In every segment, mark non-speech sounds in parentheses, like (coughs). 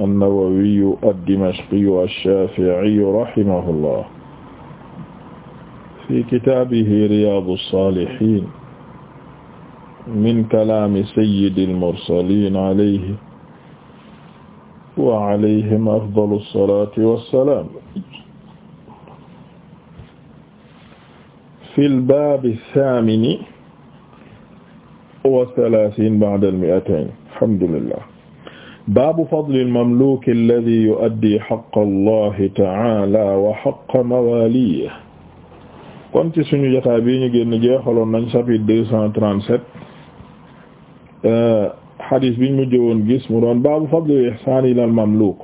an-Nawawiyu ad-Dimashqiyu ash-Shafi'iyu rahimahullah fi kitaabihi Riyaadu s-Saalihiin min kalaami sayyidil mursaliin alayhi wa alayhim afdalu salaati wa salaam. fil baabi saamini wa salaasiin ba'da al-mi'atayn alhamdulillah. baabu fadli al-mamluuk allazii yu'addii haqqa Allaahi ta'aalaa wa haqqa mawaaliihi kon ci suñu jotaay bi ñu génn jeexaloon nañ chapitre deux cent trente-sept euh, xadis biñ mu jëwoon gis mu doon baabu fadli al-ihsaan ilaa al-mamluuk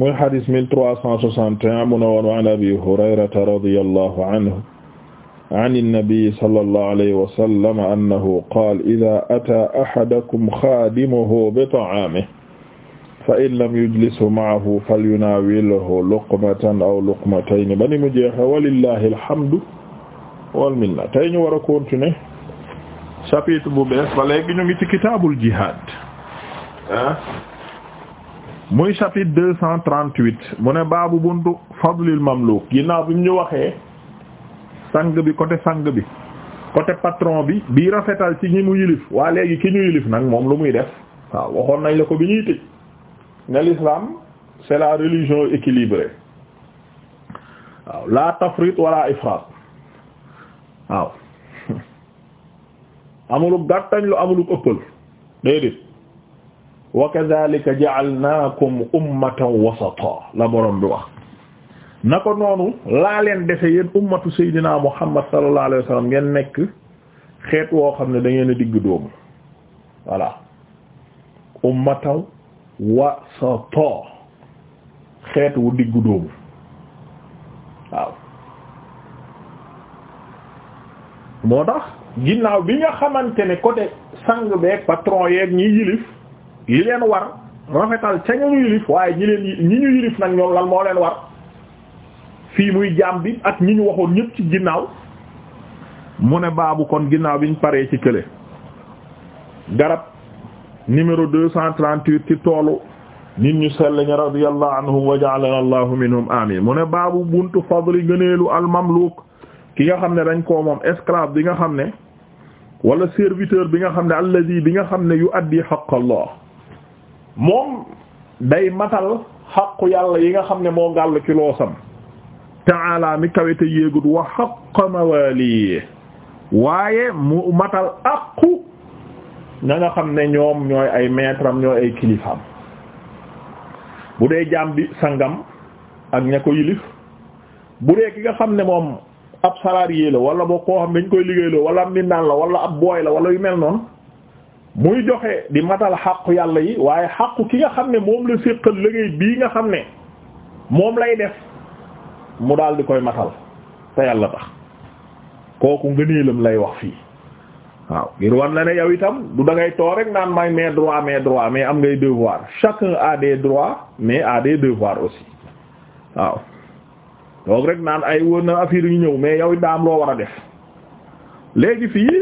muy xadis mille trois cent soixante et un mu ne woon wa an Abii Hurayrata radiyallaahu anhu an an-nabiyyi sallallaahu alayhi wa sallam annahu qaala izaa ataa ahadakum xaadimuhu bi ta'aamihi fa in lam yujlisu maahu falyunaawilhu luqmatan aw luqmatayni ba ni mu jeexe walillahi alhamdu wal minna tey ñu war a continuer chapitre bu bees ba léegi ñu ngi ci kitaabul jihaad ah muy chapitre deux cent trente-huit mu ne baabu buntu fadlil mamluk ginnaaw bi mu ñu waxee sang bi côté sang bi côté patron bi bii rafetal ci ñi mu yilif waa léegi ki ñu yilif nag moom lu muy def waaw waxoon nañ la ko bi ñuy tëj ne l'islam c'est la religion équilibrée waaw la tafrit wala ifrat waaw (laughs) amulub gàttañ lu amulub ëppal déedéet wa kadhalika ja'alnakum ummatan wasata la borom bi wax na ko noonu laa leen defe yéen ummatu saydina muhammad sallallahu alayhi ngeen nekk xeet woo xam ne dangeen ngeen digg dóomu voilà ummatan wasata xeet wu diggu dóomu waaw moo tax ginnaaw bi nga xamante ne côté sang beeg patron yeeg ñi yilif li leen war rafetal ca ñu yilif waaye ñi leen ñi ñu yilif nag ñoom lan moo leen war fii muy jaam bi ak ñi ñu waxoon ñëpp ci ginnaaw mu ne baabu kon ginnaaw biñ paree ci kële garab numéro 238 ci toolu nit ñu sell ñi radiyallahu anhum wa ja'alana allahu minhum amin mu ne baabu buntu fadli gëneelu almamluuk ki nga xam ne dañ ko moom esclave bi nga xam ne wala serviteur bi nga xam ne alladi bi nga xam ne yu addi xaq allah moom day matal xaqu yàlla yi nga xam ne moo gàll ci loosam ta'ala mi kawete yéegut wa xaq mawali waaye mu matal aqu ña nga xam ne ñoom ñooy ay maître am ñooy ay kilifaam bu dee jaam bi sangam ak ña ko yilif bu dee ki nga xam ne moom ab salarié la wala boo koo xam dañ koy liggéeyloo wala am naan la wala ab booy la wala yu mel noonu muy joxe di matal xàqu yàlla yi waaye xàqu ki nga xam ne moom la séqal liggéey bii nga xam ne moom lay def mu daal di koy matal te yàlla tax kooku ngëneelam lay wax fii waaw ngir wan na ne yow itam du da ngay too rek naan may mes droits mes droits mais am ngay devoir chacun a des droits mais a des devoirs aussi waaw toog rek naan ay won na affaire yu ñëw mais yow it daam loo war a def léegi fii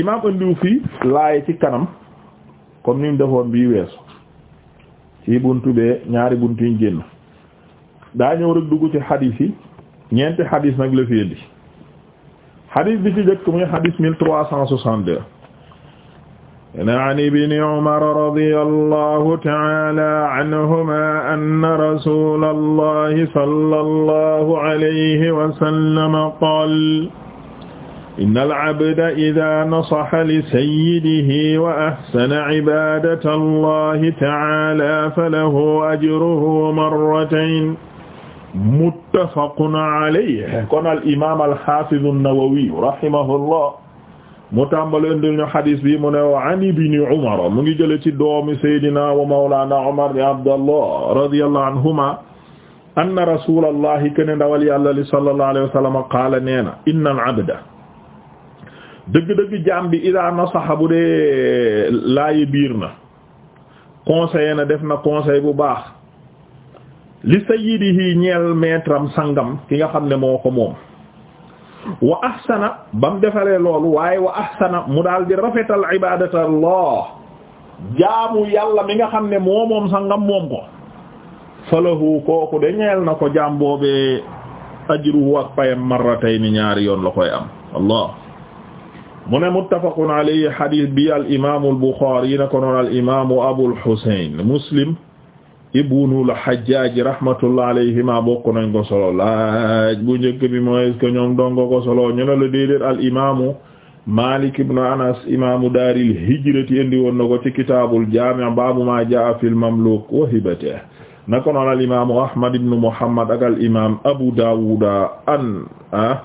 imam andiw fii laaye ci kanam comme ni mu defoon bii weesu ci buntu bee ñaari buntu yi génn daa ñëw rek dugg ci xadiis yi ñeenti xadiis nag la fi indi xadis bi ci jëkk muy xadis mille trois cent soixante-deux an ibni umar radiyallahu ta'ala anhuma anna rasulallahi sallallahu alayhi wa sallam qaala innal abda idaa nasaha li sayyidihi wa ahsana ibaadatallahi ta'ala falahu ajruhu marratayn muttafaqun alayhi kon al imaam al haafiz an-Nawawi rahimahullah mu tàmbale indil ñu xadis bi mu ne wa an ibni Umar mu ngi jële ci doomi Seydina wa Mawlana Umar di Abdallah radiyallahu anhuma anna rasulallahi kene ndawal yàlla li sallallahu alayhi wa sallam qaala nee na inna al abda dëgg-dëgg jaam bi idaa nasaxa bu dee laayi biir na conseillé na def na conseil bu baax li sayyidihi ñeel maîtram sangam ki nga xam ne moo ko moom wa ahsana ba mu loolu waaye wa ahsana mu daal di rafetal ibadata allah jaamu yàlla mi nga xam ne moo moom sangam moom ko falahu kooku de ñeel na ko jaam boobee ajruhu ak payam marratayni ñaari yoon la koy am mu ne muttafaqun alayhi hadith bi al imaamu al buxaari na ko noon al imaamu abul husayn muslim ibnul Hajjaaj rahmatullah alayhima bokk nañ ko solo laaj bu njëkk bi mooy est-ce que ñoom dongo ko solo ñu ne al imaamu Maalik ibnu Anas imaamu daaril hijrati indi woon na ko ci kitaabul jaami' baabu maa jaa'a fil mamluuk wa hibatihi naka noonu al imaamu Ahmad ibnu Muhammad ak al imaam Abu Daawuda an ah,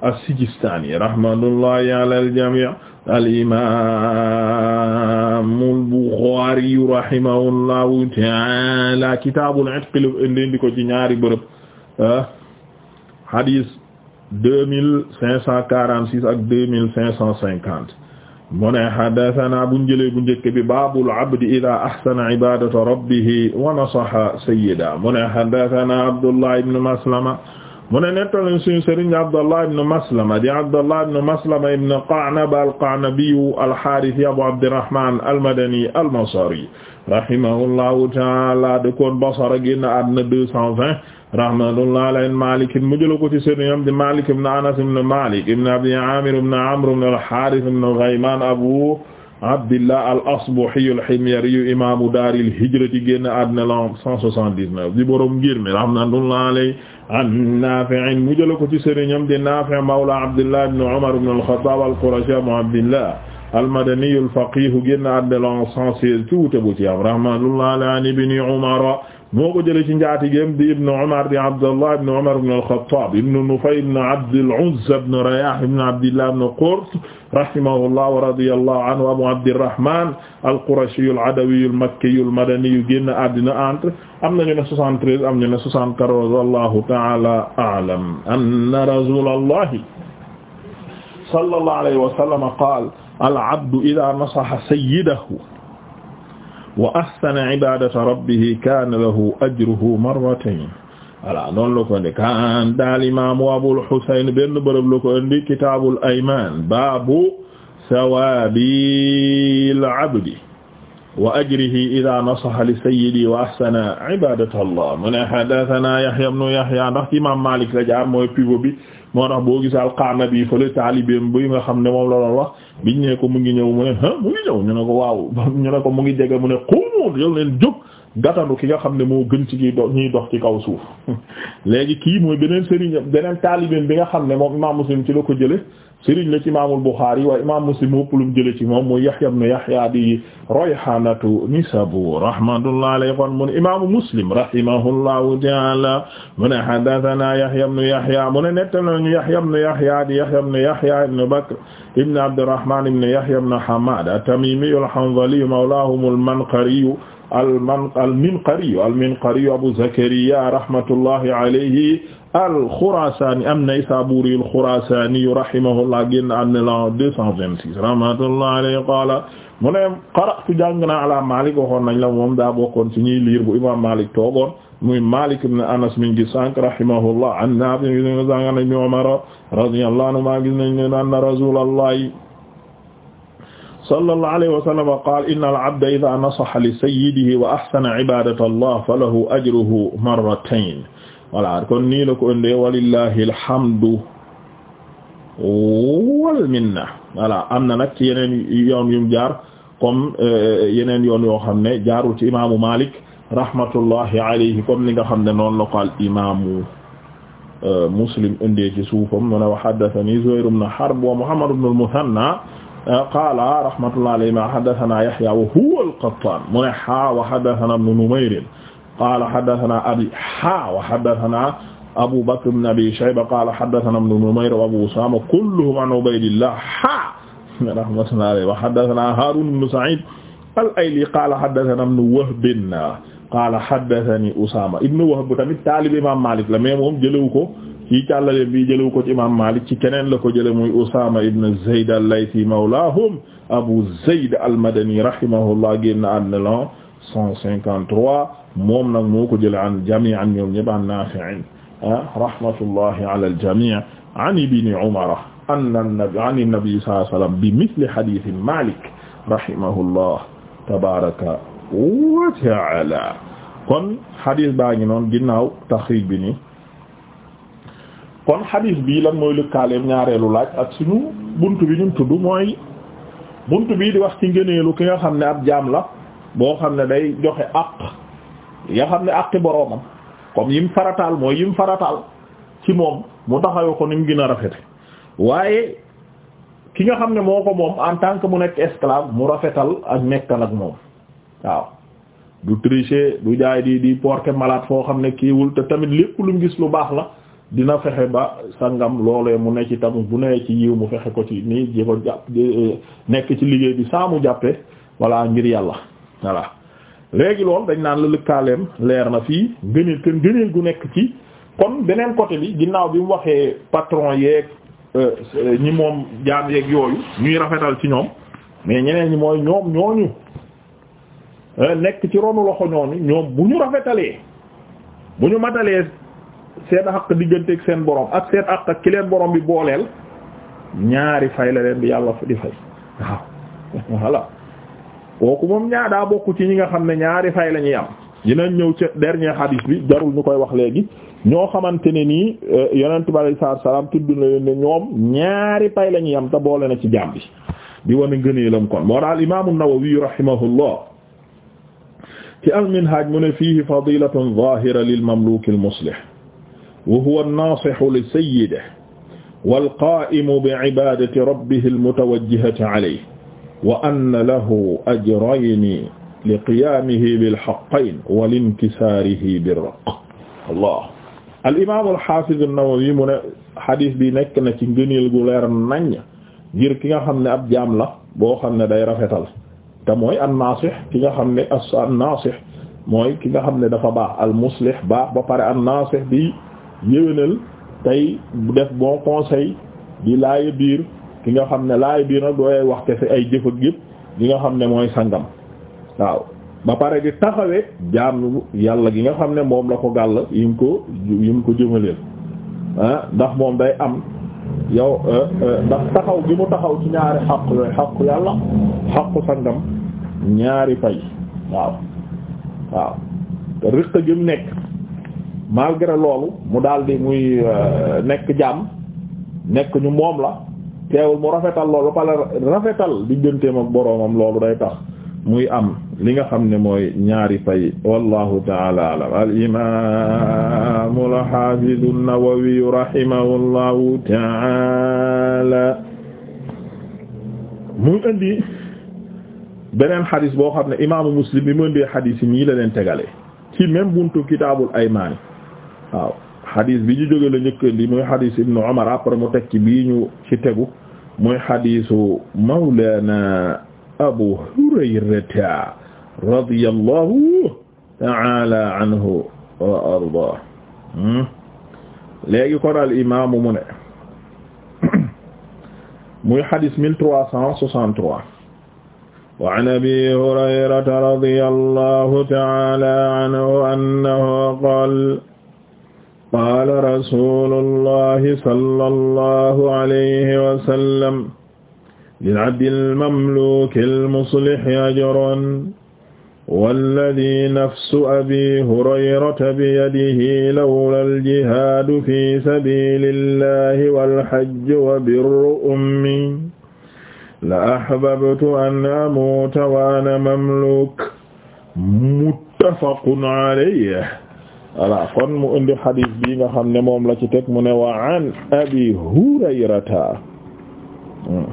as-Sijistaani rahmatullahi alal jamii' al imaamul Buxaari rahimahullahu ta'aala kitaabul itq indi ko ci ñaari bërëb ah, hadis deux mille cinq cent quarante six ak deux mille cinq cent cinquante mu ne haddasanaa bu njëlee bu njëkk bi baabul abdi idaa ahsana ibaadata rabbihi wa nasaha sayyidahu mu ne haddasanaa Abdullah ibn Maslama mu ne nettali suñu sëriñ Abdallah ibn Maslama di Abdallah ibn Maslama ibn Qa'nab al-Qa'nabi al-Harithi Abu Abdirrahman al-Madani al-Basri rahimahullahu ta'ala dëkkoon Basra génn àdduna deux cent vingt rahmatullahi alayhi Malik mu jël ko ci sëriñam di Malik ibn Anas ibn Malik ibn Abi Amir ibn Amr ibn al-Harith ibn Ghayman Abu abdillah al asbohi alximyariyu imamu daaril hijrati génn àddina la 179 di borom ngir mi rahmatullahi alayhi an Naafi' mu jël ko ci sëriñam di Naafi' mawla abdillah ibn Umar ibn al-Khattab al-Qurashi Abu Abdillah al-Madani al-faqih génn àddina la 116 tuute bu ci am rahmatullahi alayhi ibn Umar moo ko jëlee ci njaatigéem di ibn Umar di Abdullah ibn Umar ibn al-Khattab ibn Nufay ibn Abd al-Uzza ibn Rayah ibn Abdillah ibn Qurt rahimahullah wa radiyallahu anhu Abu Abdirrahman al-Qurashi al-Adawi al-Makki al-Madani yu génn àddina entre am nañu ne 73 am nañu ne 74 wallahu ta'ala a'lam anna Rasulullah sallallahu alayhi wa sallam qaala al-'abdu idha nasaha sayyidahu wa ahsana ibadata rabbihi kana lahu ajruhu marratayn voilà noonu la ko indi kan daal imaamu Abul Husayn benn bërëb la ko indi kitaabul aymaan baabu sawaabil abdi wa ajrihi idaa nasaha li sayyidi wa ahsana ibaadata Allah mu ne haddasanaa Yahyaa ibnu Yahyaa ndax imaam Maalik la jaar mooy pivot bi moo tax boo gis gisee Alqanabi fële taalibeem bi nga xam ne moom la doon wax biñ ne ko mu ngi ñëw mu ne ah mu ngi ñëw ñu ne ko waaw (laughs) ñu ne ko mu ngi jege mu ne xuumoon yow leen jóg gatanu ki nga xam ne moo gën ci kii do ñuy dox ci kaw suuf (laughs) léegi kii mooy beneen sëriñ beneen taalibeen bi nga xam ne moom imaam muslim ci la ko jële sëriñ la ci imaamul buxaari waaye imaam muslim moo ëpp lu mu jële ci moom muy yaxya ibn yaxya di royxanatu nisabur rahmatullah alayhi kon mu ne imaamu muslim rahimahullahu taala mu ne haddathana yaxya ibn yaxya mu ne nettal nañu yaxya ibn yaxya di yaxya ibn yaxya ibn bakr ibn abdurrahman ibn yaxya ibn hamad at-tamimi al-hanzali mawlahum al-manqari alman alminqariyu alminqariyu Abu Zakariya rahmatullahi alayhi alxurasaani am naysaabuuri alxurasaani rahimahullah génn am na la 226 rahmatullahi alayhi qaala mu ne qara'tu jàng naa ala Malik waxoon nañ la moom daa bokkoon ci ñuy liir bu imam Malik toogoon muy Malik ibn Anas min gi sànq rahimahullah an nabi ibn Umar radiyallahu anhu ma gis nañ ne anna rasulallahi sallallahu alayhi wa sallam qaala inna al-abda idhaa nasaha li sayyidihi wa ahsana ibaadata Allah falahu ajruhu marratayn voilà kon nii la ko indee walillahi alhamdu wal minna voilà am na nag ci yeneen yoon yum jaar comme euh, yeneen yoon yoo xam ne jaarul ci imaamu Maalik rahmatullahi alayhi comme ni nga xam ne noonu la ko al imaamu euh, Muslim indee ci suufam mu ne wa haddathanii Zuhayr ibn Harb wa Muhammad ibn al-Muthanna qaala rahmatullahi alayhi ma haddathana Yahya wa huwa al-Qattan mu ne ha wa haddathana ibn Numayr qaala haddathana abi ha wa haddathana Abu Bakr ibn Abi Shayba qaala haddathana ibn Numayr wa Abu Usama kulluhum an Ubaydillah ha rahmatullahi alayhi wa haddathana Harun ibn Sa'id al-Ayli qaala haddathana ibn Wahb qaala haddathani Usama ibn Wahb tamit taalib Imam Malik la mais moom jëlewu ko ci càllale bi jëlew ko ci imam Malik ci keneen la ko jële muy Usaama ibn Zayd al-Laythi mawlaahum Abu Zayd al-Madani rahimahullah génn àddina l'an 153 moom nag moo ko jële an jami' an ñoom ñëpp an Naafi' ah, rahmatullahi ala al-jami' an ibn Umar anna an-nabi an an-nabi sallallahu alayhi wa sallam bi mithli hadith Malik rahimahullah tabaraka wa ta'ala kon hadith baa ngi noon ginnaaw taxriij bi ni kon xadiis bii lan mooy lëkkaaleem ñaareelu laaj ak suñu bunt bi ñu tudd mooy bunt bii di wax ci ngëneelu ki nga xam ne ab jaam la boo xam ne day joxe àq nga xam ne àqi boroomam comme yim farataal mooy yim farataal ci moom mu taxawee ko ni mu gën a rafete waaye ki nga xam ne moo ko moom en tant que mu nekk esclave mu rafetal ak nekkal ak moom waaw du tricher du jaay di di porter malaat foo xam ne kiiwul te tamit lépp lu mu gis lu baax la dina fexe ba sangam loolee mu ne ci tamit bu newee ci yiw mu fexe ko nii ji jàpp euh, nekk ci liggéey bi saamu mu jàppe voilà ngir yàlla voilà léegi loolu dañ naan la lëkkaaleem leer na fii gëneel kër gëneel gu nekk ci kon beneen côté bi ginnaaw bi mu waxee patron yeeg euh, ñi moom jaam yeeg yooyu ñuy rafetal ci ñoom mais ñeneen ñi mooy ñoom ñooñu euh, nekk ci ronu loxo ñooñu ñoom bu ñu rafetalee bu ñu matalee seen xaq digganteeg seen borom ak seen àq ak ki leen borom bi booleel ñaari fay la leen bi yàlla di fay waaw (laughs) voilà kooku moom ñaar daa bokk ci ñi nga xam ne ñaari fay la ñuy am dinañ ñëw ci dernier hadis bi jarul ñu koy wax léegi ñoo xamante ne nii euh, yonent bi alayhi salaatu salaam tudd na leen ne ñoom ñaari pay la ñuy am te boole na ci jaam bi di wane ngëneelam kon moo daal imaamu Nawawi rahimahullah ci al mu ne fiihi fadilatun zaahira lil mamluuk wa huwa an-naasihu li sayyidihi wal qaa'imu bi'ibaadati rabbihi al-mutawajjihati alayhi wa anna lahu ajrayni li qiyaamihi bil haqqayni wa linkisaarihi bir-raq Allah al imaam al haafiz an-Nawawi mu ne xadis bi nekk na ci ngëneel gu leer naññ ngir ki nga xam ne ab jaam la boo xam ne day rafetal te mooy an-naasih ki nga xam ne as-naasih mooy ki nga xam ne dafa baax al muslih baax ba pare an-naasih bi yéwénal tey def bon conseil di laaye biir ki nga xam ne laaye biir nag dooy wax kese ay jëf ak gi nga xam ne mooy sangam waaw ba pare di taxawee jaam yàlla gi nga xam ne moom la ko gàll yi mu ko yi mu ko jëmaleel ah ndax moom day am yow eh, eh, ndax taxaw gi mu taxaw ci ñaari xaq yooyu xaqu yàlla xaqu ñaari fay waaw waaw riq gi mu nekk malgré loolu mu daldi muy euh, nekk jàmm nekk ñu moom la teewul mu rafetal loolu ba pare rafetal digganteem ak boroomam loolu day tax muy am li nga xam ne mooy ñaari fay wallahu taala alam al imamu alhafidu an-Nawawi rahimahullahu indi beneen xadis boo xam ne imaamu Muslim bi mu indi xadis yi la leen tegale ci même buntu kitaabul aymaani waaw xadis bi ñu jóge la njëkkandi muy xadis ibnu Umar après mu teg ci bii ñu ci tegu muy xadisu mawlana Abu Hurayrata radiyallahu ta'ala anhu wa arda hmm? léegi kon al imaamu mu ne muy xadis mille trois cent soixante-trois wa an abi Hurayrata radiyallahu ta'ala anhu annahu qaala qaala rasulullahi sallallahu alayhi wa sallam lil abdil mamluukil muslihi ajrun walladii nafsu abii hurayrata biyadihi lawlal jihaadu fi sabiilillahi wal hajju wa birru ummi la ahbabtu an amuuta wa ana mamluuk muttafaqun alayhi voilà kon mu indi hadis bi nga xam ne moom la ci teg mu ne wa abi hurayrata hmm.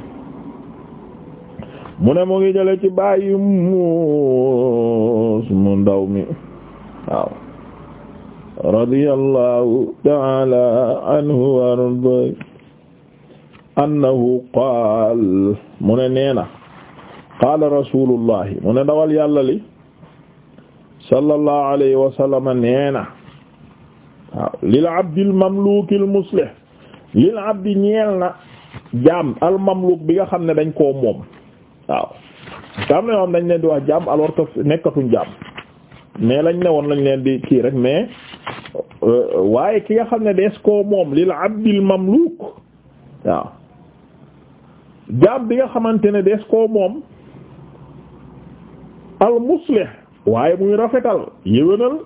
mu ne mu ngi jële ci bàyyi muus mu ndaw mi waaw radiyallahu ta'ala anhu warda annahu qaal mu ne nee na qaala rasulullahi mu ne dawal yàlla sallallahu alayhi wa sallama nee na waaw lil abdil mamlukil muslih lil abdi ñeel na jaam al mamluk bi nga xam ne dañ koo moom waaw tam na yoon dañ leen di wax jaam alors que nekkatuñ jaam mais lañ ne woon lañ leen di kii rek mais euh, waaye ki nga xam ne dees koo moom lil abdil mamluk waaw jaam bi nga xamante ne dees koo moom al muslih waaye muy rafetal yéwénal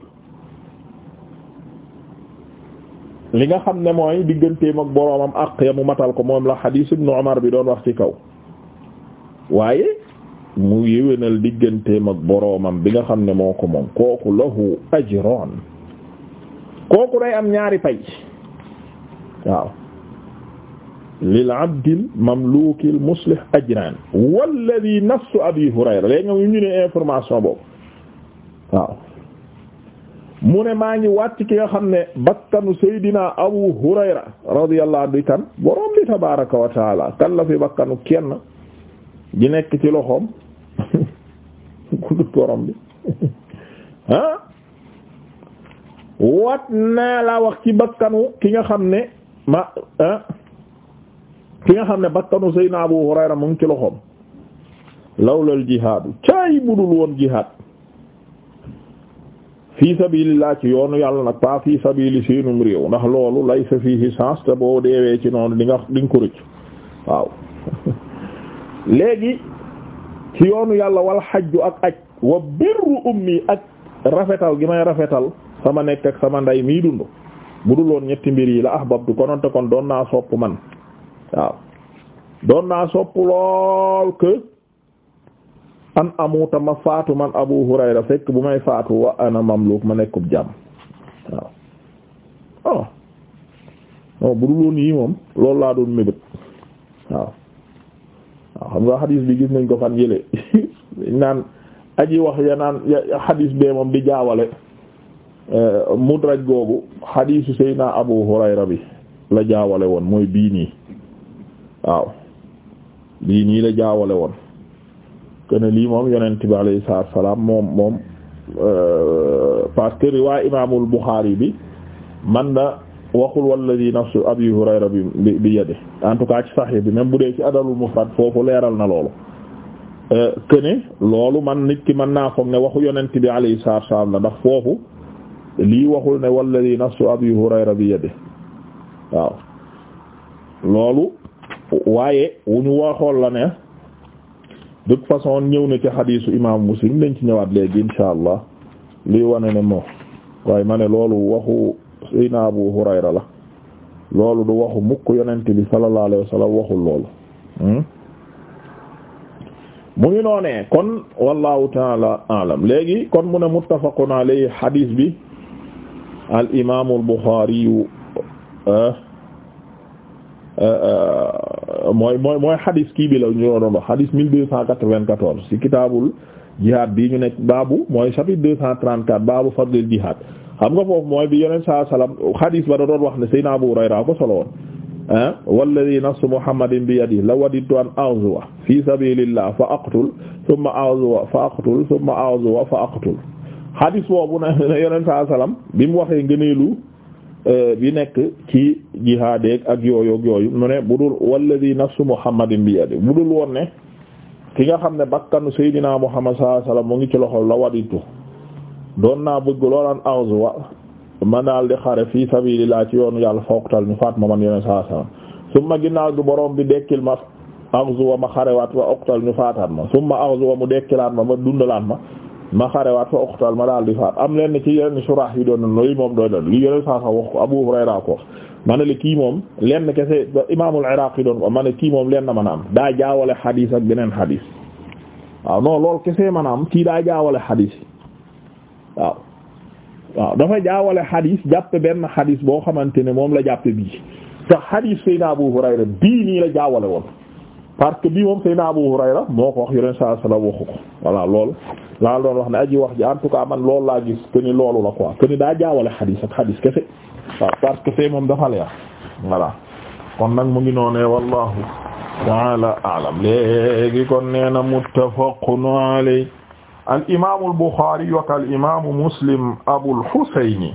li nga xam ne mooy digganteem ak boroomam àq ya mu matal ko moom la xadiis ibnu Umar bi doon wax ci kaw waaye mu yéwénal digganteem ak boroomam bi nga xam ne moo ko moom kooku lahu ajran kooku day am ñaari pay waaw lil abdil mamluukil muslih ajran walladhi nafsu abi hurayra léegi nga ñu ne information boobu waaw mu ne maa ngi wàcc ki nga xam ne bakkanu Seydina Abu Hurayra radiyallahu anhu kan borom bi tabaaraka wa taala kan la fi bakkanu kenn di nekk ci loxoom (laughs) ku dul borom bi (laughs) wat naa laa wax ci bakkanu ki nga xam ne ma ki nga xam ne bakkanu Seydina Abu Hurayra mu ngi ci loxoom lawlal jihaadu caay budul woon jihaad fii sabilillah ci yoonu yàlla nag pas fii sabili seenum réew ndax loolu lay sa chance te boo deewee ci noonu di nga di nga ko rëcc waaw (laughs) léegi ci yoonu yàlla wal xajju ak aj wa birru ummi ak rafetal gi may rafetal sama nekk ak sama ndey mii dund bu dul woon ñetti mbir yi la ahbabtu kononte kon doon naa sopp man waaw doon naa sopp lool que an amuta ma faatu man Abu Hurayra fekk bu may faatu wa ana mamluk ma nekkub jàmm waaw oh non oh, bu dul woon yii moom loolu laa doon mébét waaw xam nga xadiis bi gis nañ ko fan yële (laughs) naan aji wax ya naan xadiis bee moom di jaawale eh, mudraj googu xadiisu Seydina Abu Hurayra bi la jaawale woon mooy bii nii waaw bii la jaawale woon kene lii moom yonent bi alayhi salaatu salaam moom moom euh, parce que riwaay imaamul Buxaari bi man na waxul walladi nafsu abi Hurayra bi bi bi yade en bi même bu dee ci adalul mufrad foofu leeral na loolu kene euh, loolu man nit ki mën naa foog ne waxu yonent bi alayhi salaatu salaam la ndax foofu lii waxul ne walladi nafsu abi Hurayra bi yade waaw loolu waaye wu ñu waxoon la ne de toute façon ñëw na ci xadiisu imaamu muslim lañ ci ñëwaat léegi insha allah liy wane ne moom waaye ma ne loolu waxu sayna abu hurayra la loolu du waxu mukk yonent bi sallallahu alayhi wasallam waxul loolu hmm? mu ngi noonee kon wallahu taala alam léegi kon mu ne muttafaqun alayhi xadiis bi al imaamu al buxaari eh, mooy mooy mooy xadis kii bi la ñu doon wax xadis mille deux cent quatre-vingt-quatorze ci kitaabul jihaad bi ñu nekk baabu mooy chapitre deux cent trente-quatre baabu fadlil jihaad xam nga foofu mooy bi yonent saa salaam xadis ba da doon wax ne Seydina Abu Hurayra ko solo woon ah walladhi nafsu Muhammadin bi yadihi la wadidtu an a'zuwa fi sabilillah fa aqtul thumma a'zuwa fa aqtul thumma a'zuwa fa aqtul xadis boobu na yonent saa salaam bi mu waxee ngëneelu Euh, bi nekk ci jihaadeeg ak yooyu yooyu mu ne bu dul walladi nafsu muhammadin bi yadi bu dul woon ne ki nga xam ne bakkanu seydinaa muhammad sallallahu alayhi wasallam mu ngi ci loxol la waditu doon naa bëgg loolaan aghzuwa ma daal di xare fii laa ci yoonu yàlla fawqtal ñu faat ma man yoneen sallallahu alayhi ginnaaw gi borom bi dekkil ma aghzuwa ma xarewaat wa uqtal ñu faataat ma summa aghzuwa mu dekkilaat ma ma dundalaat ma ma xarewaat fa oqtal ma daal di faat am leen ci yenn surah yi doon na loolu moom doy na li yeneen saa sax wax ko Abu Hurayra ko ma ne la kii moom lenn kese imaamul Iraqi doon ko ma ne kii moom lenn mën am daa jaawale xadiis ak beneen xadiis waaw non loolu kese mën a kii daa jaawale xadiis waaw waaw dafa jaawale xadiis jàppe benn xadiis boo xamante ne moom la jàppe bii te xadiis Seydina Abu Hurayra bii nii la jaawale woon parce que bii moom Seydina Abu Hurayra moo ko wax yeneen saa sala waxu ko voilà loolu laa doon wax ne aji wax ji en tout cas man loolu laa gis que ni loolu la quoi que ni daa jaawale xadiis ak xadiis kese parce que fee moom dafa leer voilà kon nag mu ngi noonee wallahu taala alam léegi kon nee na muttafaqun alayhi al imaamul Buxaari imaamu Muslim Abul Husayni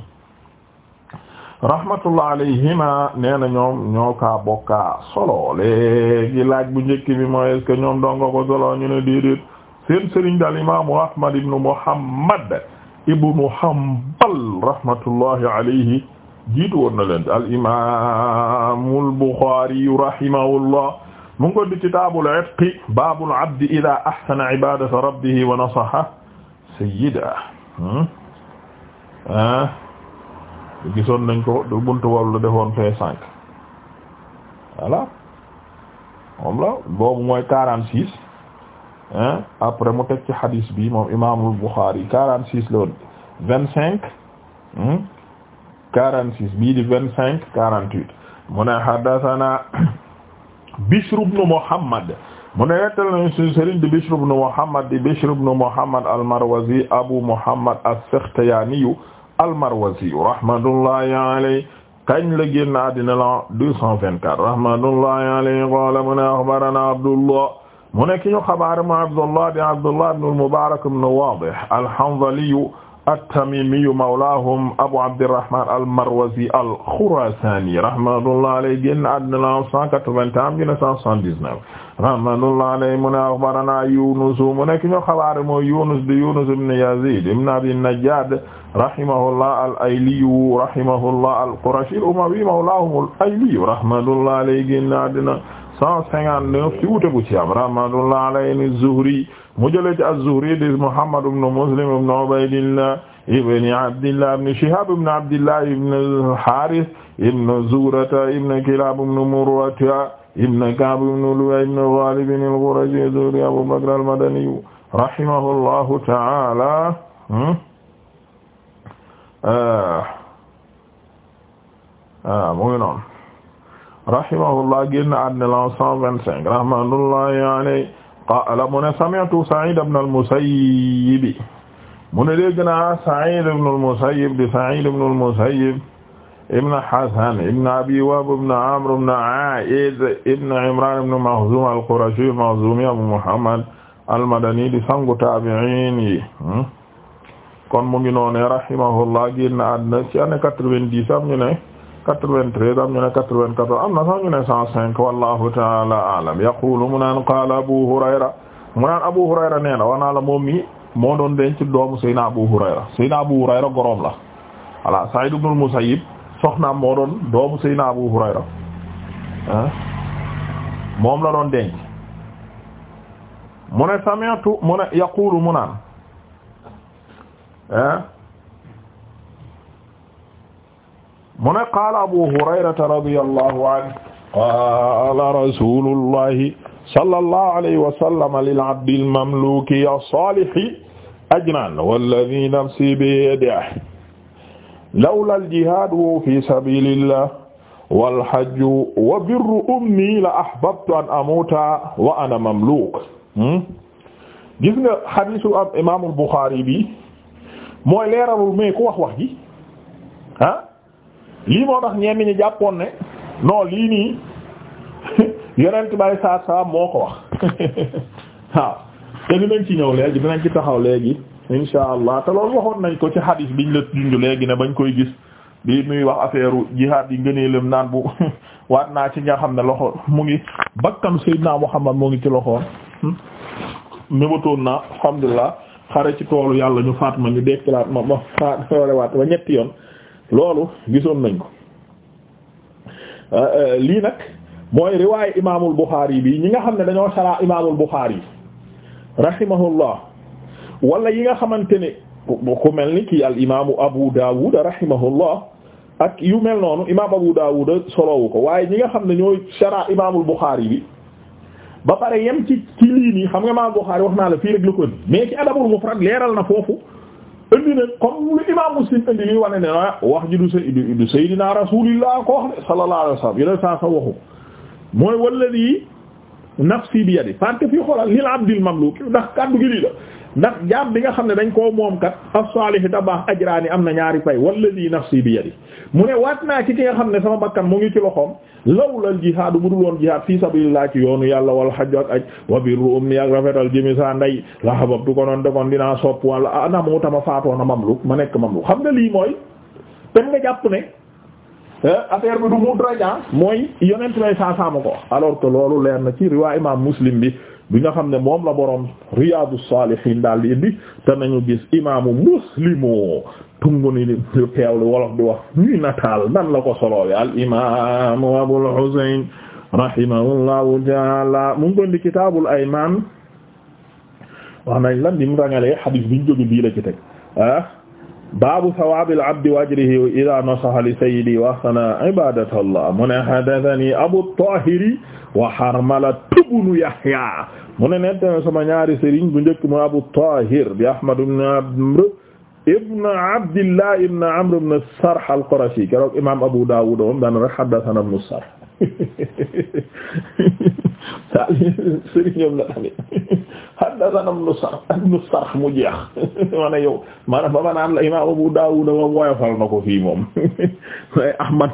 rahmatullah alayhima nee na ñoom ñoo kaa bokkaa solo léegi laaj bu njëkk bi mooy est-ce que ñoom donga ko solo ñu ne déedéet seen sëriñ daal imaamu ahmad ibnu muhammad ibnu hanbal rahmatullahi alayhi jiitu woon na leen al imaamul buxaari rahimahullah mu ngi ko di kitaabul itqi baabul abdi idaa ahsana ibaadata rabbihi wa nasaha sayyidahu hmm? ah. gisoon nañ ko du buntu wàllu defoon fee cinq voilà moom la boobu mooy quarante six hein après mu teg ci hadis bi moom imaamul Bukhari quarante six la woon vingt cinq hmm? quarante six bii di vingt cinq quarante huit mu ne haddathana (coughs) Bishr ibn Muhammad mu ne nettal nañu suñu sëriñ di Bishr Muhammad di Bishr Muhammad al-Marwazi Abu Muhammad as-Sakhtiyani al-Marwazi rahmatullahi alayhi kañ la génn àddina la 224 rahmatullahi alayhi qaala mu ne axbarana Abdullah mu ne ki ñu xabaar ma Abdullah bi Abdullah ibn al-Mubarak ibn Wadih al-Hanzali at-Tamimiyu mawlaahum Abu Abdirrahmaan al-Marwazi al-Khuraasaani rahmatullahi alayhi génn àddina la 181 1979 rahmatullahi alayhi mu ne axbaranaa Yuunus mu nekk ñu xabaar mooy Yuunus di Yuunus ibn Yaziid ibn Abi Najjaad rahimahullah al-Ayliyu rahimahullah al-Qurashi al-Umawi mawlaahum al-Ayliyu rahmatullahi alayhi génn àddina cent cinquante neuf ci wute bu ci am rahmatullah alayhi az-Zuhri mu jëlee ci az-Zuhri di Muhammad ibn Muslim ibn Ubaydillah ibn Abdillah ibn Shihab ibn Abdillah ibn al-Harith ibn Zuhrata ibn Kilab ibn Murrata ibn Ka'b ibn Lu'ay ibn Ghalib al-Qurashi az-Zuhri Abu Bakr al-Madani rahimahullahu ta'ala hmm? ah. Ah, mu ngi noonu rahimahullah génn àddina la 125 rahmatullahi alayhi qaala mu ne sami'tu Sa'id ibn al-Musayyib mu ne dégg naa Sa'id ibn al-Musayyib di Sa'id ibn al-Musayyib ibn Hasan ibn Abi Wahb ibn Amr ibn A'id ibn Imran ibn Makhzum al-Qurashi al-Makhzumi Abu Muhammad al-Madani di sangu taabi'iin yi hmm? kon mu ngi noonee rahimahullah génn àddina ci année 90 am ñu ne 93 am ñu ne 94 am na sax ñu ne 105 wallahu taala aalam yaqulu mu naan qaala Abu Hurayra mu naan Abu Hurayra nee na wax la moom mi moo doon denc doomu Seydina Abu Hurayra Seydina Abu Hurayra goroom la voilà Saïd ibn Musayyib soxnaam moo doon doomu Seydina Abu Hurayra ah moom la doon denc mu ne sami'tu mu ne yaqulu mu naan ah mu ne qaala abu hurayrata radiyallahu anhu qaala rasulullahi sallallahu alayhi wa sallam lil abdil mamluki as-salihi ajran walladhi nafsi biyadihi lawla al-jihadu fi sabilillah wal hajju wa birru ummi la ahbabtu an amuta wa ana mamluk gis nga hadisu am imaamul Buxaari bi mooy leeralul mais ku wax wax ji ah lii moo tax ñenn ñi jàppoon ne non lii nii (laughs) yonent bari saa saa moo ko wax (laughs) waaw te dinañ ci ñëw léegi dinañ ci taxaw léegi insha allah te loolu waxoon nañ ko ci bi biñ la junj léegi ne bañ koy gis bi muy wax affaire jihad yi ngëneelam naan bu (laughs) waat naa ci nga xam ne loxo mu ngi bakkam Seydina Muhammad mu ngi ci loxoon hmm? mébatoon na alhamdulillah xare ci toolu yàlla ñu faat ma ñu dekkilaat ma ma faat waat ma ñetti yoon loolu gisoon nañ ko ah, euh, lii nag mooy riwaayu imaamul Buxaari bi ñi nga xam ne dañoo saraa imaamul Buxaari rahimahullah wala yi nga xamante ne ku mel ni ki al imaamu Abu Daawud rahimahullah ak yu mel noonu imaam Abu Daawud solowu ko waaye ñi nga xam ne ñooy saraa imaamul Buxaari bi ba pare yem ci ci lii nii xam nga imaamul Buxaari wax naa la fii rek la ko mais ci adabul mufrad leeral na foofu. indi ne comme lu imaam Muslim indi li wane ne ah wax ji du say du Seydina Rasulillah ko wax ne sallallahu alayhi wasallam yeneen saa sa waxu mooy walladi nafsi bi yadi parce que fii xoolal lil abdil mamluk ndax kàddu gi lii la ndax jaam bi nga xam ne dañ koo moom kat as-salih a baax ajraani am na ñaari pay fay walladi nafsi bi yadi mu ne waat naa ci ki nga xam ne sama bakkan mu ngi ci loxoom law lal jihaadu bu dul woon jihaad fii sabilillah ci yoonu yàlla wal hajj ak aj wa birru ummi ak rafetal jimi sa nday la hababtu ko noon dekoon dinaa sopp wala anamuutama faatoona mamluk ma nekk mamluk xam nga lii mooy te Eh, affaire bi du mudraj mooy yonent may saasaama ko alors que loolu leer na ci riwaa imam muslim bi bi nga xam ne moom la boroom Riyadus Salihin daal di indi te nañu gis imaamu muslimu tungu ni lu teewlu wolof di wax ñuy nataal nan la ko soloowe al imaamu Abul Husayn rahimahullahu taala mu ngi ko indi kitaabul aymaan wax nañ lan di rangalee xadiis bi ñu jóge bii la ci teg ah baabu sawaabil abdi wa ajrihi idaa nasaha li sayyidi wa ahsana ibaadatullah mu ne haddathanii Abu Taahiri wa Harmala ibnu Yahya mu ne nettali sama ñaari sëriñ bu njëkk mu Abu Taahir bi Ahmad ibn Amr ibn Abdillah ibn Amr ibn Sarh al-Qurashi keroog imaam Abu Daawud moom daan rekk haddathana ibn Sarh (laughs) saa sëriñam la tamit haddathana ibnu Sarh ibnu Sarh mu jeex ma ne yow maanaam ba ma naan la imaam Abu Daawud woyofal na ko fii moom (laughs) waaye Ahmad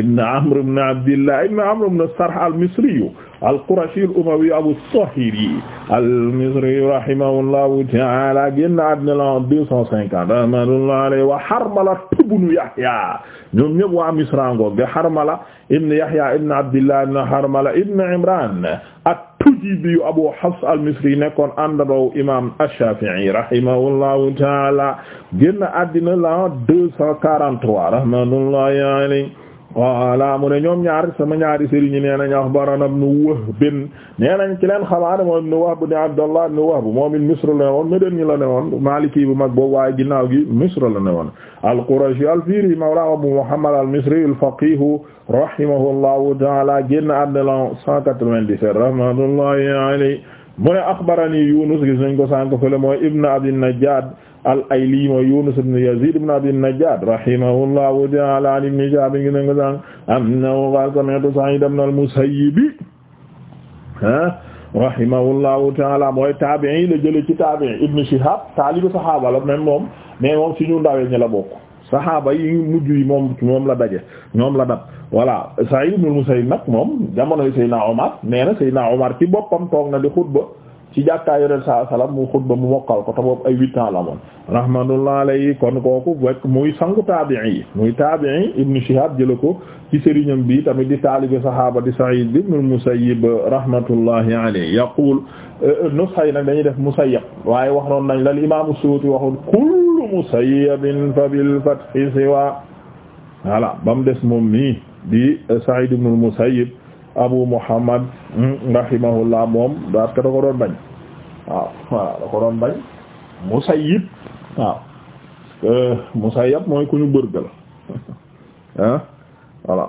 ibn Amr ibn Abdillah ibn Amr ibn Sarh al-Misri al-Qurashi al-Umawi Abu Tahiri al-Misri rahimahullahu ta'ala génn àddina la 250 rahmatullahi alayhi wa Harmala ibn Yahya ñoom ñëpp waa Misra ngoog de Harmala ibn Yahya ibn Abdillah ibn Harmala ibn Imran at-Tujibi Abu Hafs al-Misri nekkoon àndandoo imaam ash-Shafi'i rahimahullahu ta'ala génn àddina la 243 rahmatullahi alayhi voilà mu ne ñoom ñaar sama ñaari sëriñ nee nañ axbarana ibnu Wahb nee nañ ci leen xabaar moom ibnu Wahb ni Abdallah ibnu Wahb moom it Misr la ne woon Médine ñi la ne woon Maliki bu mag boobu waaye ginnaaw gi Misr la ne woon al-Qurashi al-Fihri mawla Abu Muhammad al-Misri al-faqih rahimahullahu ta'ala génn àddina la 197 rahmatullahi alayhi mu ne axbarani Yunus gis nañ ko sànq fële mooy ibnu Abi Najjad al ayli mooy Yunus ibn Yazid ibn Abi Najjad rahimahullahu ta'ala an ibn Shihab ngi nanga sang annahu qala sami'tu Sa'id ibn al-Musayyib rahimahullahu ta'ala mooy tabi'i la jële ci tabi'i ibn Shihab taalibu sahaaba la même moom mais si ñu ndawee ñi la bokk sahaaba yi mujj yi moom moom la daje ñoom la dab voilà Sa'id ibn al-Musayyib nag moom jamonoy Seydina Omar nee na Seydina Omar ci boppam toog na di xutba ci jàkkaa yoneen saa salaam mu xutba mu mokkal ko te boobu ay huit ans la moon rahmatullah alayhi kon kooku wekk muy sangu taabi'i yi muy taabi'i ibnu Shihab jëla ko ci sëriñam bi tamit di taalibi sahaaba di Sa'id ibn al-Musayyib rahmatullahi alayhi yaqul euh, nusxa yi nag dañuy def musayyab waaye wax noon nañ lal imaamu Suyuti waxoon kullu musayyabin fa bil fathi siwa voilà ba mu des moom nii di Sa'id ibn al-Musayyib Abu Muhammad hmm, rahimahullah moom parce que da ko doon bañ waaw voilà da ko doon bañ Musayyib waaw Musayyab mooy ku ñu bërgal ah (laughs) voilà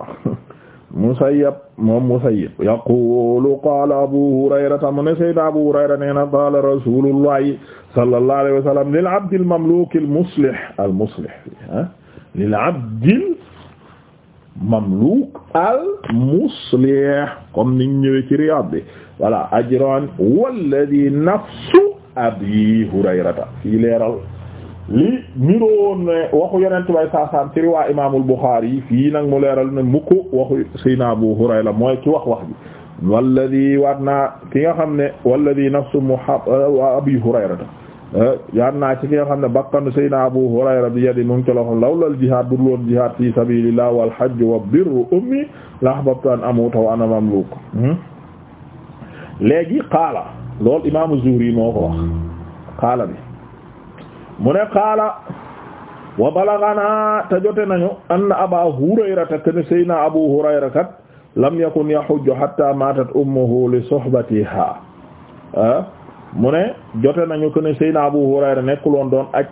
(laughs) Musayyab moom Musayyib yaqulu qala Abu Hurayrata mu ne Sayyid Abu Hurayra nee na qala Rasulullahi sallallahu alayhi wa sallam lil abdil mamluki al muslih al muslih lil abdil mamluk al muslih comme niñ ñëwee ci Riyad bi voilà ajran walladhi nafsu abi hurayrata fii leeral li niroon ne waxu yonent bay saasaam ci riwaa imaamul Bukhari yi fii nag mu leeral ne mukk waxu sayna abu hurayra mooy ki wax wax bi walladhi na ki nga xam ne walladhi nafsu abi hurayrata Eh, yaan naa ci ki nga xam ne bakkanu Seydina Abu Hurayra bi yadi mu ngi ci loxo lawlal jihaad bu loon jihaad fi sabilillah wal hajj wa birru ummi la ahbabtu an amuta wa mamluk hmm? léegi qaala loolu imaamu Zuhri moo wax qaala bi mu ne qaala wa balagana te jote nañu anna Aba Hurayra te ken Seydina Abu Hurayra kat lam yakun yahujju hatta matat ummuhu li suhbatiha eh? mu ne jote nañu ko ne Seydina Abu Hurayra nekkuloon doon aj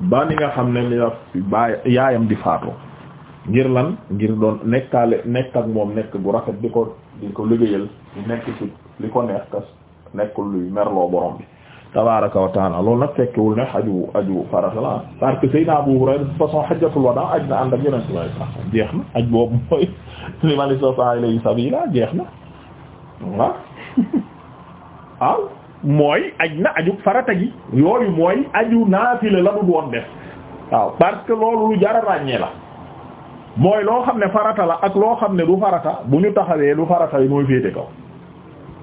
ba ni nga xam ne li la baay yaayam di faatu ngir lan ngir doon nekkaale nekk ak moom nekk bu rafet di ko di ko liggéeyal nekk ci li ko neex kas nekkul luy merloo borom bi tabaraka wa taala loolu nag fekkewul ne aju aju farata la parce que Seydina Abu Hurayra de façon xajatul wada aj na ànd ak yonent bi sallallahu alayhi jeex na aj boobu mooy limani sasa lay sabila jeex na waaw (laughs) mooy aj na aju farata gi yooyu mooy aju naafile la du doon def waaw parce que loolu lu jara la mooy loo xam ne farata la ak loo xam ne du farata bu ñu taxawee lu farata yi mooy féete kaw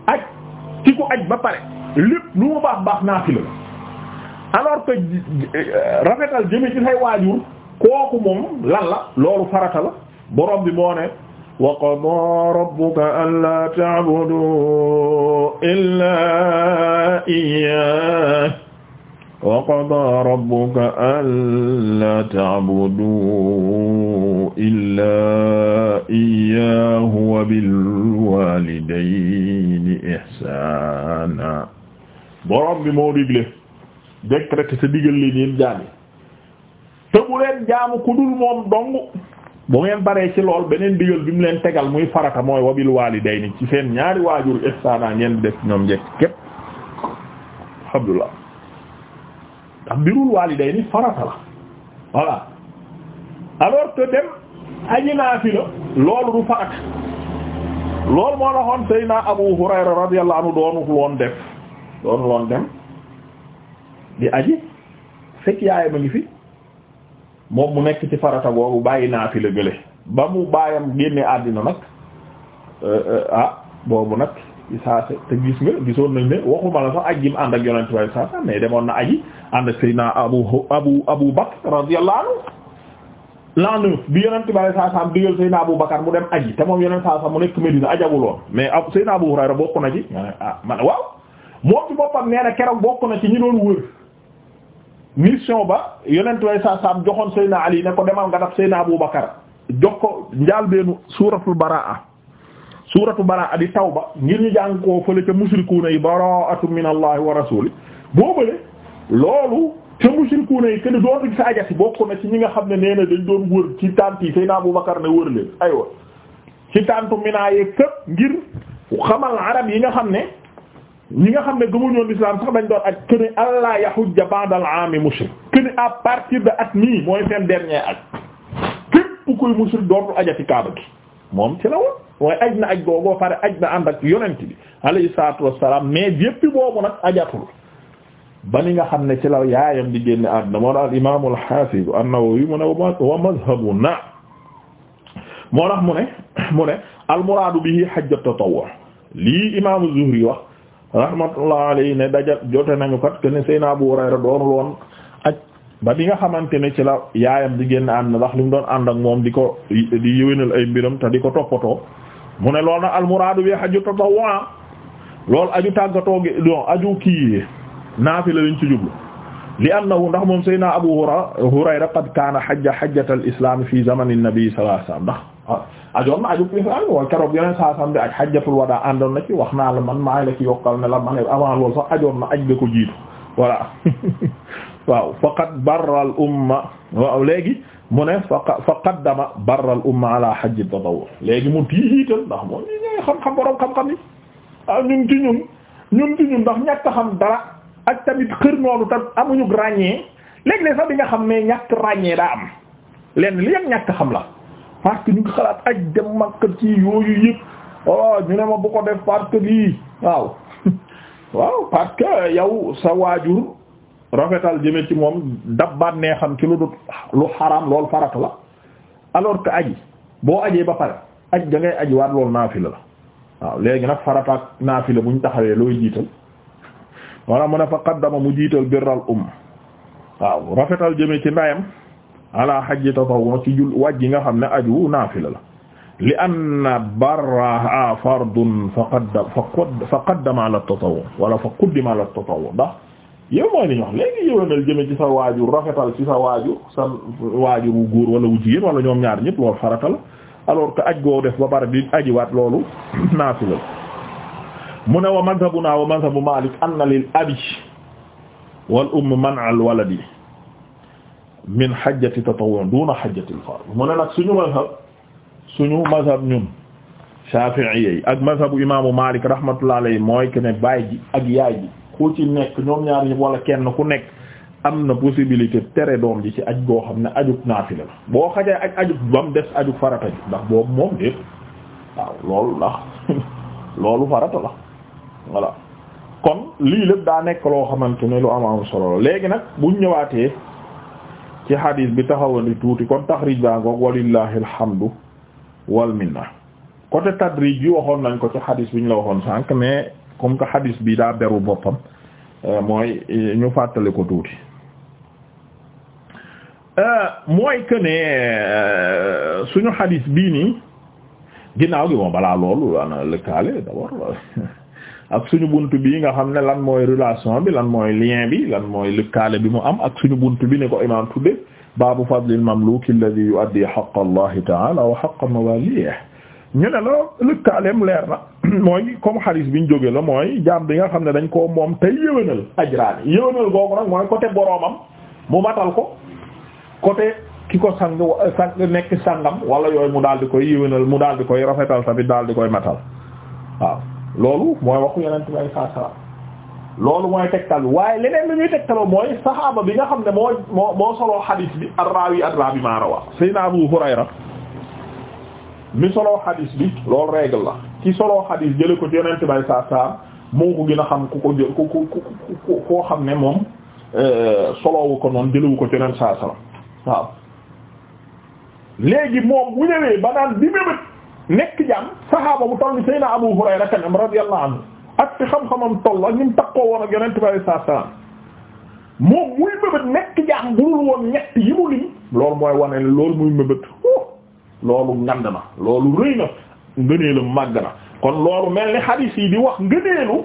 aj ci ko aj ba pare lu mu baax baax naafile la alors que euh, rafetal jëme ci say waajur kooku moom lan la loolu farata la borom bi moo ne wa qadaa rabbuka allaa ta'budu illaa iyyaahu wa qadaa rabbuka allaa ta'budu illaa iyyaahu wa bil waalidayni ihsaana borom bi moo digle décréter sa digal li ñeen jaami te bu leen jaamu ku dul moom dong bu ngeen baree ci lool beneen digal bi mu leen tegal muy farata mooy wabil waalidayni ci seen ñaari waajur ihsaana ngeen def ñoom njekk képp alhamdulillah ndax birul waalidayni farata la voilà alors que dem aji naafi la loolu du farata loolu moo taxoon Seydina Abu Hurayra radiyallahu anhu doonu loon def doonu loon dem di aji fekk yaayam a ngi fi moom mu nekk ci farata boobu bàyyi naa fi la gële ba mu baayam génne àddina nag euh, euh, ah boobu nag ci saase te gis nga gisoon nañ ne waxuma la sax aji mu ànd ak yonent waaye saase mais demoon na aji ànd ak Seydina Abu Abu Abu Bakr radiyallahu anhu l'an neuf bi yonent waaye saasam digal Seydina Abu Bakar mu dem aji te moom yonent saasam mu nekk Medina ajaguloon mais Seydina Abu Hurayra bokk na ci ah man waaw moom ci boppam nee na keroog bokk na ci ñi doon wër. mission ba yonent way sa sam joxoon Seyna Ali ne ko demal nga daf Seyna Abu Bakar jox ko njaal beenu suuratul baraa suuratu baraa di tawba ngir ñu jàng koo fële ca mushrikuuna yi baraatu min allahi wa rasuli boobale loolu ca mushrikuuna yi kenn dootuñ sa ajati bokk na ci ñi nga xam ne nee na dañ doon wër ci tànt Seyna Abu Bakar ne wër leen aywa ci tàntu minaa yeeg këpp ngir xamal arab yi nga xam ne ñi nga xam ne gëmuñoon islam sax dañ doon ak que ne allah yahujja ba'dal aami mushrik que ne partir de at ni mooy seen dernier at képp kuy mushrik dootul ajati kaaba moom ci la woon mooy aj na aj googoo pare aj na ànd ak yonent bi alayhi salaatu wassalaam mais yéppi boobu nag ajatul ba ni nga xam ne ci la yaayam di génne àdduna moo daal imaam al-Hafiz an-Nawawi mu ne wa mazhabuna moo tax mu ne mu ne al-muraadu bihi imaam az-Zuhri wax rahmatullah alayhi ne daja jote nañu kat ken Seydina Abu Hurayra doon woon aj ba di nga xamante ne ci la yaayam di génn ànd ndax li mu doon ànd ak moom di ko di yëwénal ay mbiram te di ko toppatoo mu ne loolu nag almuraadu bi hajju tatawwu loolu aju tàggatoo gi don aju kii la lañ ci jublu li annahu ndax moom Seydina Abu Hurayra qad kaana hajja hajjata al-islaam fi zamani an-nabi sallallahu alayhi wasallam ndax ah, ajoon na aju islam wa keroog yeneen saa sam bi ak hajjatul wadaa àndoon na ci wax naa la man maa ngi la ci yokkal ne la man avant loolu sax ajoon na aj ba ko jiitu voilà (laughs) waaw faqad barra al-umma waaw léegi mu ne fa qaddama barra al-umma ala hajji tatawwu léegi mu tiital ndax moom ñi ñooy xam-xam borom xam-xam yi ah ñun ci ñun ñun ci ñun ndax ñàkk xam dara ak tamit xër noonu tam amuñu ràññee léeg-léeg sax di nga xam ne ñàkk ràññee daa am lenn li yëpp ñàkk xam la parce que ñu ngi xalaat aj dem Makka ci yooyu yëpp oh ñu ne ma bu ko def parce que lii waaw (laughs) parce que yow sa waajur rafetal jëme ci moom dabbaat nee xam ci lu dut lu xaraam loolu farata la alors que aji boo ajee ba pare aj da ngay aji waat loolu naafila la waaw léegi nag farataak naafila buñ taxawee looy jiital wala mu ne fa qaddama mu jiital birral um waaw rafetal jëme ci ndayam ala hajji tatawwu ci jul wàj nga xam ne aju naafila la li anna barraha fardun fa qadda ala tatawwu wala fa qaddama ala tatawwu ndax yow mooy li ñu wax léegi yëwénal ci sa waajur rafetal ci sa waajur wu góor wala wu jigéen wala ñoom ñaar ñëpp loolu farata la alors que aj goo def ba pare di ajiwaat loolu (coughs) naafila la mu ne wa madhabuna wa madhabu Malik anna lil abi wal umm man'al waladi min hajjati tatawwu duna hajjati al fard mu ne nag suñu madhab suñu madhab ñun Shafi'i ak madhabu imaamu Malik rahmatullahi alayhi mooy que ne baay ji ak yaay ji ku ci nekk ñoom ñaar ñi wala kenn ku nekk am na possibilité tere doom ji ci aj goo xam ne ajug naafila la boo xajee aj ajug ba mu des ajug farata ji ndax boobu moom déet waaw loolu ndax (laughs) loolu farata la voilà kon lii lépp daa nekk loo xamante ne lu am am solo léegi nag buñ ñëwaatee ci hadith bi taxawandi tuuti kon taxrij baa ngoog walillahi alhamdu wal minna côté tadrij bi waxoon nañ ko ci hadith bi ñu la waxoon sànq mais comme que hadith bi daa beru boppam euh, mooy euh, ñu fàttali ko tuuti euh, mooy que ne suñu hadith bii nii ginnaaw gi moom balaa loolu ana lëkkaale d'abord (laughs) ak suñu bunt bi nga xam ne lan mooy relation bi lan mooy lien bi lan mooy lëkkaale bi mu am ak suñu bunt bi ni ko imam tudde baabu fadlil mamluki alladhi yu'addi haqqa allahi ta'ala wa haqqa mawalihi ñu ne la lëkkaaleem leer na (clears throat) mooy comme xalis biñ jóge la mooy jaam bi nga xam ne dañ koo moom tey yëwénal ajraani yëwénal googu nag mooy côté boroomam mu matal ko coté ki ko sang sang nekk sangam wala yooyu mu daal di koy yëwénal mu daal di koy rafetal tamit daal di koy matal loolu mooy waxu yeneen bi ay saa loolu mooy tegtal bi waaye leneen li ñuy tegtaloo mooy saxaaba bi nga xam ne moo moo moo soloo xadis bi arraawi adraa bi maa rawaa sayna Abu Hurayra mi solo xadis bi loolu règle la ki solo xadis jële ko ci yeneen bi ay saa moo ko gën a xam ku ko ku ku ku koo xam ne moom euh, soloowu ko noonu jëlewu ko ci yeneen saa salaam waaw léegi moom bu ñëwee ba naan bi mébét nekk jaam saxaaba bu toll ni Seydina Abu Hurayra kanam radiyallahu anhu ak fi xam-xamam toll ak ni mu takkoo woon ak Yonent bi sallallahu alayhi wasallam moom muy mëbët nekk jaam bu dul ñett yi mu lim loolu mooy wane loolu muy mëbët oh, loolu ngand na loolu rëy na ngëneelu màgg na kon loolu mel ni xadiis yi di wax ngëneelu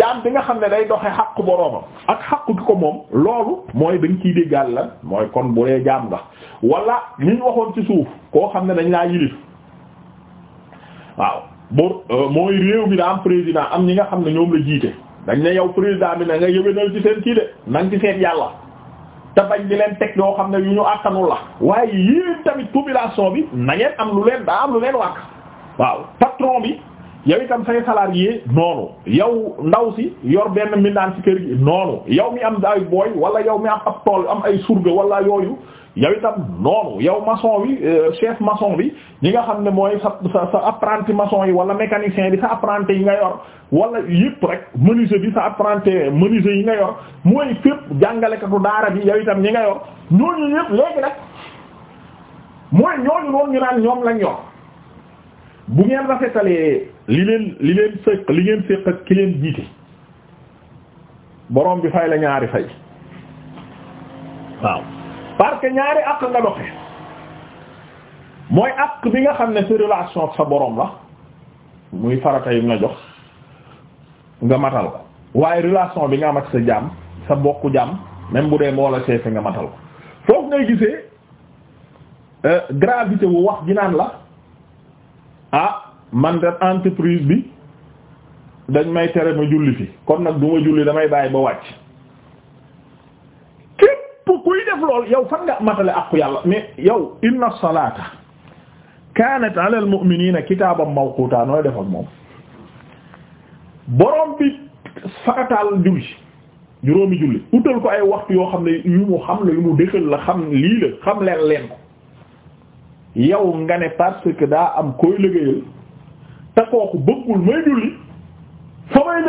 jaam bi nga xam ne day doxe xàqu boroomam ak xàqu ko moom loolu mooy dañ ciy déggal la mooy kon bu dee jaam nga wala ni ñu waxoon ci suuf koo xam ne dañ laa yilif waaw bor euh, mooy réew mi daa am président am ñi nga xam ne ñoom la jiite dañ ne yow président bi na nga yëwénal ci seen kii de nang ci seet yàlla te bañ di leen teg yoo xam ne yu ñu àttanul la waaye yéen tamit population bi na ngeen am lu leen daa am lu leen wàq waaw patron bi yow itam say salarié noonu yow ndaw si yor benn mindaan ci kër gi noonu yow mi am ay booy wala yow mi am ab tool am ay surga wala yooyu yow itam noonu yow maçon bi euh, chef maçon bi ñi nga xam ne mooy sa sa apprenti maçon yi wala mécanicien bi sa apprenti yi nga yor wala yëpp rek menuisier bi sa apprenti menuisier yi nga yor mooy fépp jàngalekatu daara bi yow itam ñi nga yor ñooñu yëpp léegi nag mooy ñooñu noonu ñu naan ñoom lañ yor bu ngeen rafetalee li leen li leen fekk li ngeen fekk ak ki leen jiite borom bi fay la ñaari fay waaw. parce ñaari àq nga doxe mooy àq bi nga xam ne sa relation ak sa borom la muy farata yi nga jox nga matal ko waaye relation bi nga am ak sa jaam sa bokku jaam même bu dee moo la seefe nga matal ko foofu ngay gisee euh, gravité wu wax gi la ah man de entreprise bi dañ may tere ma julli fi kon nag du ma julli damay bàyyi ba wàcc kuy def lool yow fan nga matale àqu yàlla mais yow inna salata kanat ala al mu'minina kitaaban mawquta nooy def ak moom borom bi farataal julli juróomi julli utal ko ay waxtu yoo xam ne yu mu xam la yu mu dëxal la xam lii la xam leen leen ko yow nga ne parce que daa am koy liggéeyal te kooku bëggul may julli fa may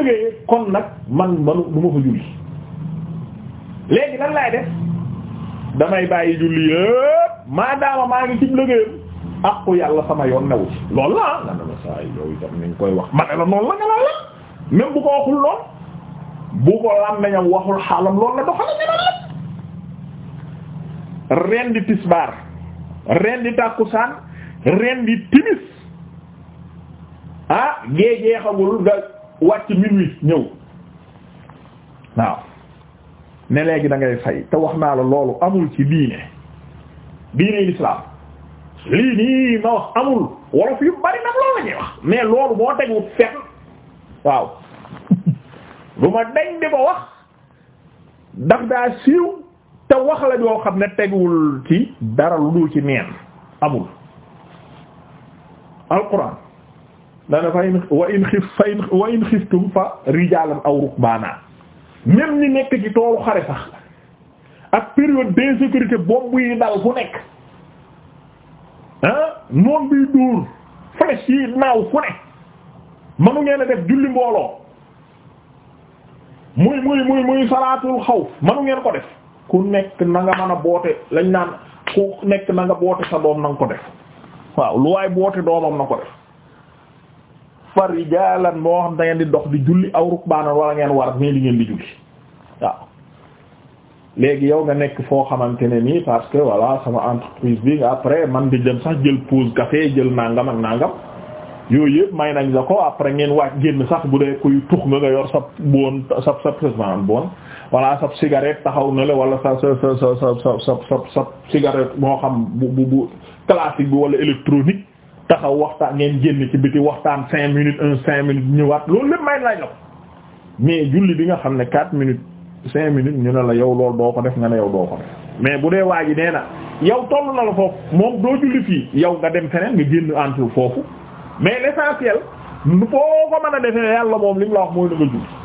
nag ma fa julli léegi lan laay def damay bàyyi julli yëpp maadaama maa ngi ci liggéeyam àqu yàlla sama yoon newu ci loolu la ah. nga ne koy wax ma ne la noonu la nga la même bu ko waxul lool bu ko lam nañam waxul xaalam loolu la doxal ne la la ren di tisbaar ren di tàkkusaan ren timis ah gée jeexagul nga wàcc minuit ñëw waaw ne léegi da ngay te wax naa la loolu amul ci diine diine l'islam lii nii ma wax amul wolof yu bari nag loolu la wax mais loolu moo tegu fenn waaw lu ma dañ di ko wax ndax daa siiw te wax la yoo xam ne teguwul ci dara lu dul ci neen amul alquran dana fa in wa in xif fa in wa in xiftum fa rijalan aw rukbana même ñi nekk ci toolu xare sax ak période d'insécurité boobu yi dal fu nekk ah noon biy dóor flèche yi naaw fu ne manu ngeen a def julli mbooloo muy muy muy muy salaatul xaw manu ngeen ko def ku nekk nanga nga a boote lañ naan ku nekk na nga boote sa doom na ko def waaw lu waay boote doomam na ko def fa rijaalan moo xam da di dox di julli aw rukbaanan wala ngeen war mais li ngeen di julli waaw léegi yow nga nekk foo xamante ne nii parce que voilà sama entreprise bi nga après man di dem sax jël pause café jël nangam ak nangam yooyu yëpp may nañ la ko après ngeen waaj génn sax bu dee kuy tux nga nga yor sa bon sa sa sa bon voilà sa cigarette taxaw na la wala sa sa sa sa sa sa sa cigarette moo xam bu bu bu classique bi wala électronique. taxaw waxtaan ngeen génn ci biti waxtaan cinq minutes un cinq minutes ñëwaat loolu lépp may laaj la mais julli bi nga xam ne quatre minutes cinq minutes ñu ne la yow loolu doo ko def nga ne yow doo ko def mais bu dee waa ji nee na yow toll na la foofu moom doo julli fii yow nga dem feneen nga génn entre foofu mais l'essentiel foo ko man a defee yàlla moom li mu la wax mooy na nga julli